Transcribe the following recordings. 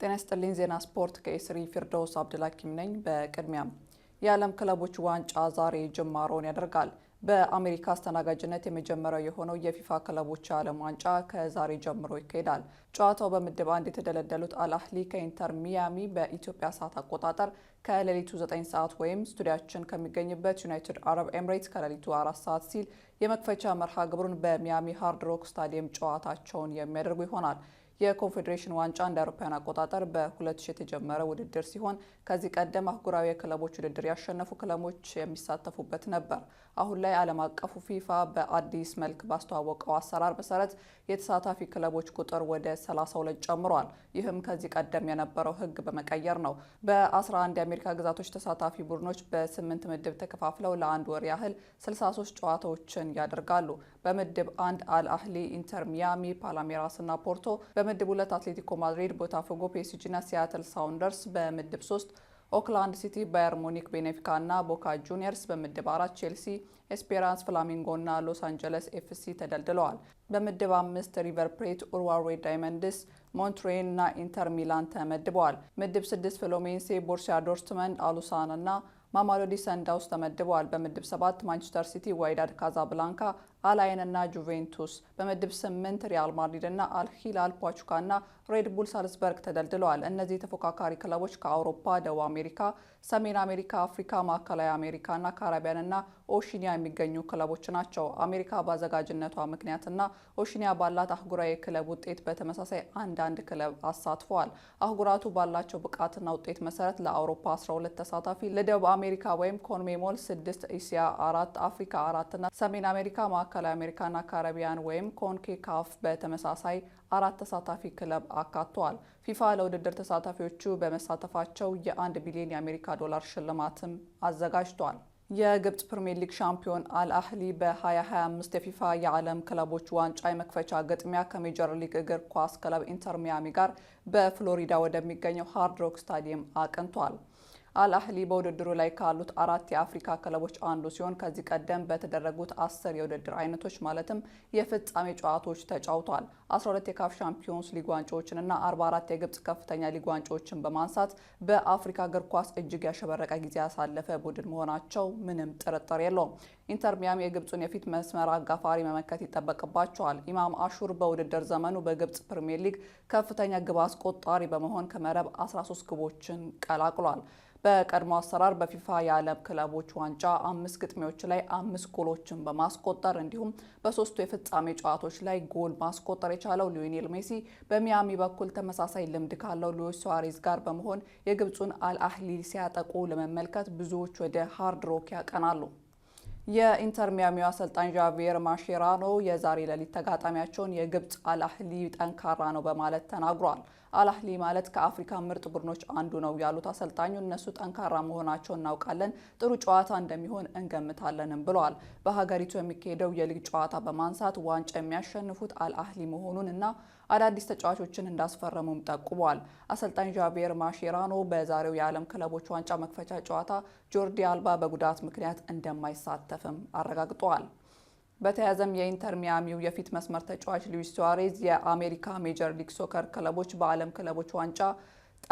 ጤና ይስጥልኝ። ዜና ስፖርት ከኤስሪ ፊርዶስ አብድላኪም ነኝ። በቅድሚያም የዓለም ክለቦች ዋንጫ ዛሬ ጅማሮን ያደርጋል። በአሜሪካ አስተናጋጅነት የመጀመሪያው የሆነው የፊፋ ክለቦች የዓለም ዋንጫ ከዛሬ ጀምሮ ይካሄዳል። ጨዋታው በምድብ አንድ የተደለደሉት አልአህሊ ከኢንተር ሚያሚ በኢትዮጵያ ሰዓት አቆጣጠር ከሌሊቱ 9 ሰዓት ወይም ስቱዲያችን ከሚገኝበት ዩናይትድ አረብ ኤምሬትስ ከሌሊቱ 4 ሰዓት ሲል የመክፈቻ መርሃ ግብሩን በሚያሚ ሃርድ ሮክ ስታዲየም ጨዋታቸውን የሚያደርጉ ይሆናል። የኮንፌዴሬሽን ዋንጫ እንደ አውሮፓውያን አቆጣጠር በ2000 የተጀመረ ውድድር ሲሆን ከዚህ ቀደም አህጉራዊ የክለቦች ውድድር ያሸነፉ ክለቦች የሚሳተፉበት ነበር። አሁን ላይ ዓለም አቀፉ ፊፋ በአዲስ መልክ ባስተዋወቀው አሰራር መሰረት የተሳታፊ ክለቦች ቁጥር ወደ 32 ጨምሯል። ይህም ከዚህ ቀደም የነበረው ሕግ በመቀየር ነው። በ11 የአሜሪካ ግዛቶች ተሳታፊ ቡድኖች በስምንት ምድብ ተከፋፍለው ለአንድ ወር ያህል 63 ጨዋታዎችን ያደርጋሉ። በምድብ አንድ አልአህሊ፣ ኢንተር ሚያሚ፣ ፓላሜራስ እና ፖርቶ በምድብ ሁለት አትሌቲኮ ማድሪድ፣ ቦታፎጎ፣ ፔሲጂና ሲያትል ሳውንደርስ፣ በምድብ ሶስት ኦክላንድ ሲቲ፣ ባየር ሙኒክ፣ ቤኔፊካ እና ቦካ ጁኒየርስ፣ በምድብ አራት ቼልሲ፣ ኤስፔራንስ፣ ፍላሚንጎ እና ሎስ አንጀለስ ኤፍሲ ተደልድለዋል። በምድብ አምስት ሪቨር ፕሌት፣ ኡርዋዌ ዳይመንድስ፣ ሞንትሬን እና ኢንተር ሚላን ተመድበዋል። ምድብ ስድስት ፍሎሜንሴ፣ ቦርሲያ ዶርትመንድ፣ አሉሳን እና ማማሎዲ ሰንዳውስ ተመድበዋል። በምድብ ሰባት ማንቸስተር ሲቲ፣ ዋይዳድ ካዛብላንካ፣ እና ጁቬንቱስ በምድብ ስምንት ሪያል ማድሪድና አልሂላል ፓቹካ ሬድ ሬድቡል ሳልስበርግ ተደልድለዋል። እነዚህ ተፎካካሪ ክለቦች ከአውሮፓ፣ ደቡብ አሜሪካ፣ ሰሜን አሜሪካ፣ አፍሪካ፣ ማዕከላዊ ካራቢያን ካሪቢያንና ኦሺኒያ የሚገኙ ክለቦች ናቸው። አሜሪካ በአዘጋጅነቷ ምክንያትና ኦሽኒያ ባላት አህጉራዊ ክለብ ውጤት በተመሳሳይ አንዳንድ ክለብ አሳትፈዋል። አህጉራቱ ባላቸው ብቃትና ውጤት መሰረት ለአውሮፓ 12 ተሳታፊ ለደቡብ አሜሪካ ወይም ኮንሜሞል 6 እስያ አራት አፍሪካ አራት ና ሰሜን አሜሪካ ማዕከል ማዕከላዊ አሜሪካና ካረቢያን ወይም ኮንኬካፍ በተመሳሳይ አራት ተሳታፊ ክለብ አካቷል። ፊፋ ለውድድር ተሳታፊዎቹ በመሳተፋቸው የአንድ ቢሊዮን የአሜሪካ ዶላር ሽልማትም አዘጋጅቷል። የግብጽ ፕሪምየር ሊግ ሻምፒዮን አልአህሊ በ2025 የፊፋ የዓለም ክለቦች ዋንጫ የመክፈቻ ግጥሚያ ከሜጀር ሊግ እግር ኳስ ክለብ ኢንተር ሚያሚ ጋር በፍሎሪዳ ወደሚገኘው ሃርድሮክ ስታዲየም አቅንቷል። አልአህሊ በውድድሩ ላይ ካሉት አራት የአፍሪካ ክለቦች አንዱ ሲሆን ከዚህ ቀደም በተደረጉት አስር የውድድር አይነቶች ማለትም የፍጻሜ ጨዋታዎች ተጫውቷል። 12 የካፍ ሻምፒዮንስ ሊግ ዋንጫዎችን እና 44 የግብጽ ከፍተኛ ሊግ ዋንጫዎችን በማንሳት በአፍሪካ እግር ኳስ እጅግ ያሸበረቀ ጊዜ ያሳለፈ ቡድን መሆናቸው ምንም ጥርጥር የለውም። ኢንተር ሚያሚ የግብጹን የፊት መስመር አጋፋሪ መመከት ይጠበቅባቸዋል። ኢማም አሹር በውድድር ዘመኑ በግብጽ ፕሪምየር ሊግ ከፍተኛ ግብ አስቆጣሪ በመሆን ከመረብ 13 ግቦችን ቀላቅሏል። በቀድሞ አሰራር በፊፋ የዓለም ክለቦች ዋንጫ አምስት ግጥሚያዎች ላይ አምስት ጎሎችን በማስቆጠር እንዲሁም በሶስቱ የፍጻሜ ጨዋታዎች ላይ ጎል ማስቆጠር የቻለው ሊዮኔል ሜሲ በሚያሚ በኩል ተመሳሳይ ልምድ ካለው ሉዊስ ሱዋሬዝ ጋር በመሆን የግብፁን አልአህሊ ሲያጠቁ ለመመልከት ብዙዎች ወደ ሃርድ ሮክ ያቀናሉ። የኢንተር ሚያሚው አሰልጣኝ ዣቪየር ማሼራኖ የዛሬ ሌሊት ተጋጣሚያቸውን የግብፅ አልአህሊ ጠንካራ ነው በማለት ተናግሯል። አላህሊ ማለት ከአፍሪካ ምርጥ ቡድኖች አንዱ ነው ያሉት አሰልጣኙ እነሱ ጠንካራ መሆናቸው እናውቃለን፣ ጥሩ ጨዋታ እንደሚሆን እንገምታለንም ብለዋል። በሀገሪቱ የሚካሄደው የሊግ ጨዋታ በማንሳት ዋንጫ የሚያሸንፉት አልአህሊ መሆኑን እና አዳዲስ ተጫዋቾችን እንዳስፈረሙም ጠቁመዋል። አሰልጣኝ ዣቪየር ማሼራኖ በዛሬው የዓለም ክለቦች ዋንጫ መክፈቻ ጨዋታ ጆርዲ አልባ በጉዳት ምክንያት እንደማይሳተፍም አረጋግጠዋል። በተያያዘም የኢንተር ሚያሚው የፊት መስመር ተጫዋች ሉዊስ ሱዋሬዝ የአሜሪካ ሜጀር ሊግ ሶከር ክለቦች በዓለም ክለቦች ዋንጫ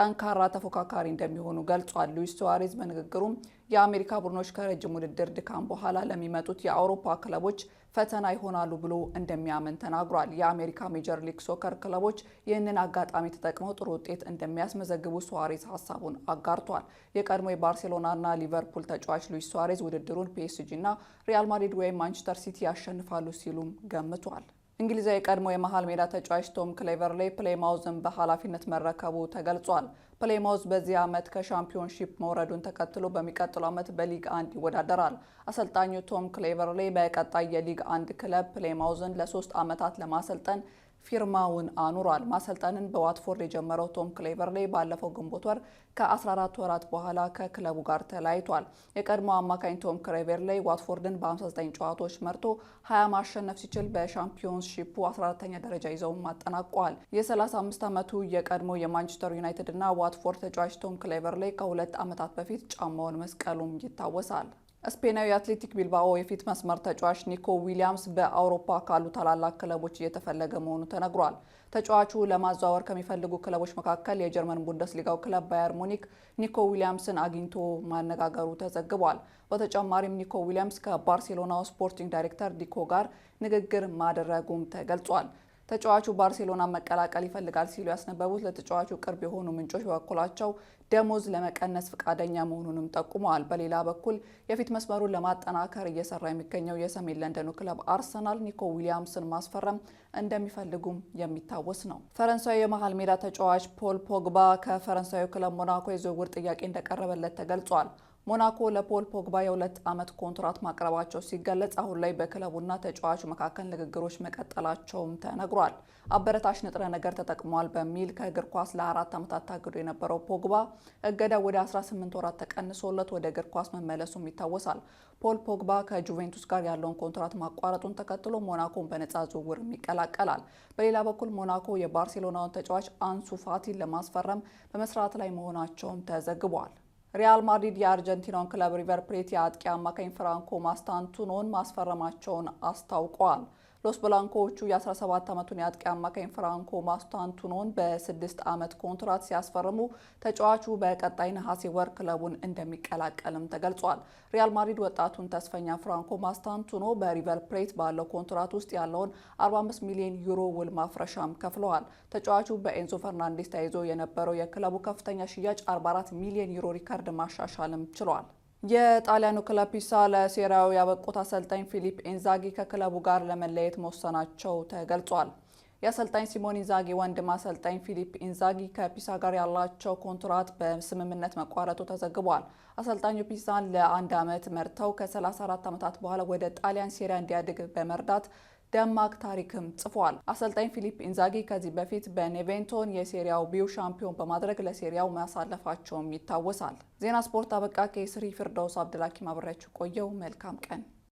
ጠንካራ ተፎካካሪ እንደሚሆኑ ገልጿል። ሉዊስ ሱዋሬዝ በንግግሩም የአሜሪካ ቡድኖች ከረጅም ውድድር ድካም በኋላ ለሚመጡት የአውሮፓ ክለቦች ፈተና ይሆናሉ ብሎ እንደሚያምን ተናግሯል። የአሜሪካ ሜጀር ሊግ ሶከር ክለቦች ይህንን አጋጣሚ ተጠቅመው ጥሩ ውጤት እንደሚያስመዘግቡ ሱዋሬዝ ሀሳቡን አጋርቷል። የቀድሞ የባርሴሎናና ሊቨርፑል ተጫዋች ሉዊስ ሱዋሬዝ ውድድሩን ፒኤስጂ እና ሪያል ማድሪድ ወይም ማንቸስተር ሲቲ ያሸንፋሉ ሲሉም ገምቷል። እንግሊዛዊ የቀድሞ የመሀል ሜዳ ተጫዋች ቶም ክሌቨርሌ ፕሌማውዝን በኃላፊነት መረከቡ ተገልጿል። ፕሌማውዝ በዚህ ዓመት ከሻምፒዮንሺፕ መውረዱን ተከትሎ በሚቀጥለው ዓመት በሊግ አንድ ይወዳደራል። አሰልጣኙ ቶም ክሌቨርሌ በቀጣይ የሊግ አንድ ክለብ ፕሌማውዝን ለሶስት ዓመታት ለማሰልጠን ፊርማውን አኑሯል። ማሰልጠንን በዋትፎርድ የጀመረው ቶም ክሌቨርሌ ባለፈው ግንቦት ወር ከ14 ወራት በኋላ ከክለቡ ጋር ተለያይቷል። የቀድሞ አማካኝ ቶም ክሌቨርሌ ዋትፎርድን በ59 ጨዋታዎች መርቶ 20 ማሸነፍ ሲችል በሻምፒዮንስ ሺፑ 14ተኛ ደረጃ ይዘው አጠናቀዋል። የ35 ዓመቱ የቀድሞ የማንቸስተር ዩናይትድ እና ዋትፎርድ ተጫዋች ቶም ክሌቨርሌ ከሁለት ዓመታት በፊት ጫማውን መስቀሉም ይታወሳል። ስፔናዊ አትሌቲክ ቢልባኦ የፊት መስመር ተጫዋች ኒኮ ዊሊያምስ በአውሮፓ ካሉ ታላላቅ ክለቦች እየተፈለገ መሆኑ ተነግሯል። ተጫዋቹ ለማዘዋወር ከሚፈልጉ ክለቦች መካከል የጀርመን ቡንደስሊጋው ክለብ ባየር ሙኒክ ኒኮ ዊሊያምስን አግኝቶ ማነጋገሩ ተዘግቧል። በተጨማሪም ኒኮ ዊሊያምስ ከባርሴሎናው ስፖርቲንግ ዳይሬክተር ዲኮ ጋር ንግግር ማድረጉም ተገልጿል። ተጫዋቹ ባርሴሎና መቀላቀል ይፈልጋል ሲሉ ያስነበቡት ለተጫዋቹ ቅርብ የሆኑ ምንጮች በበኩላቸው ደሞዝ ለመቀነስ ፈቃደኛ መሆኑንም ጠቁመዋል። በሌላ በኩል የፊት መስመሩን ለማጠናከር እየሰራ የሚገኘው የሰሜን ለንደኑ ክለብ አርሰናል ኒኮ ዊሊያምስን ማስፈረም እንደሚፈልጉም የሚታወስ ነው። ፈረንሳዊ የመሀል ሜዳ ተጫዋች ፖል ፖግባ ከፈረንሳዊ ክለብ ሞናኮ የዝውውር ጥያቄ እንደቀረበለት ተገልጿል። ሞናኮ ለፖል ፖግባ የሁለት ዓመት ኮንትራት ማቅረባቸው ሲገለጽ አሁን ላይ በክለቡና ተጫዋቹ መካከል ንግግሮች መቀጠላቸውም ተነግሯል። አበረታሽ ንጥረ ነገር ተጠቅሟል በሚል ከእግር ኳስ ለአራት ዓመታት ታግዶ የነበረው ፖግባ እገዳ ወደ 18 ወራት ተቀንሶለት ወደ እግር ኳስ መመለሱም ይታወሳል። ፖል ፖግባ ከጁቬንቱስ ጋር ያለውን ኮንትራት ማቋረጡን ተከትሎ ሞናኮን በነፃ ዝውውርም ይቀላቀላል። በሌላ በኩል ሞናኮ የባርሴሎናውን ተጫዋች አንሱ ፋቲን ለማስፈረም በመስራት ላይ መሆናቸውም ተዘግቧል። Real Madrid ya Argentinon club River Plate ya adki amma kain Franco mastan tunon masfarramachon astaw qual. ሎስ ብላንኮዎቹ የ17 ዓመቱን የአጥቂ አማካኝ ፍራንኮ ማስታንቱኖን በስድስት ዓመት ኮንትራት ሲያስፈርሙ ተጫዋቹ በቀጣይ ነሐሴ ወር ክለቡን እንደሚቀላቀልም ተገልጿል። ሪያል ማድሪድ ወጣቱን ተስፈኛ ፍራንኮ ማስታንቱኖ በሪቨር ፕሌት ባለው ኮንትራት ውስጥ ያለውን 45 ሚሊዮን ዩሮ ውል ማፍረሻም ከፍለዋል። ተጫዋቹ በኤንዞ ፈርናንዴስ ተይዞ የነበረው የክለቡ ከፍተኛ ሽያጭ 44 ሚሊዮን ዩሮ ሪካርድ ማሻሻልም ችሏል። የጣሊያኑ ክለብ ፒሳ ለሴራው ያበቁት አሰልጣኝ ፊሊፕ ኢንዛጊ ከክለቡ ጋር ለመለየት መወሰናቸው ተገልጿል። የአሰልጣኝ ሲሞን ኢንዛጊ ወንድም አሰልጣኝ ፊሊፕ ኢንዛጊ ከፒሳ ጋር ያላቸው ኮንትራት በስምምነት መቋረጡ ተዘግቧል። አሰልጣኙ ፒሳን ለአንድ ዓመት መርተው ከ34 ዓመታት በኋላ ወደ ጣሊያን ሴሪያ እንዲያድግ በመርዳት ደማቅ ታሪክም ጽፏል። አሰልጣኝ ፊሊፕ ኢንዛጊ ከዚህ በፊት በኔቬንቶን የሴሪያው ቢው ሻምፒዮን በማድረግ ለሴሪያው ማሳለፋቸውም ይታወሳል። ዜና ስፖርት አበቃ። ከስሪ ፊርዳውስ አብድልሀኪም አብሬያችሁ ቆየው። መልካም ቀን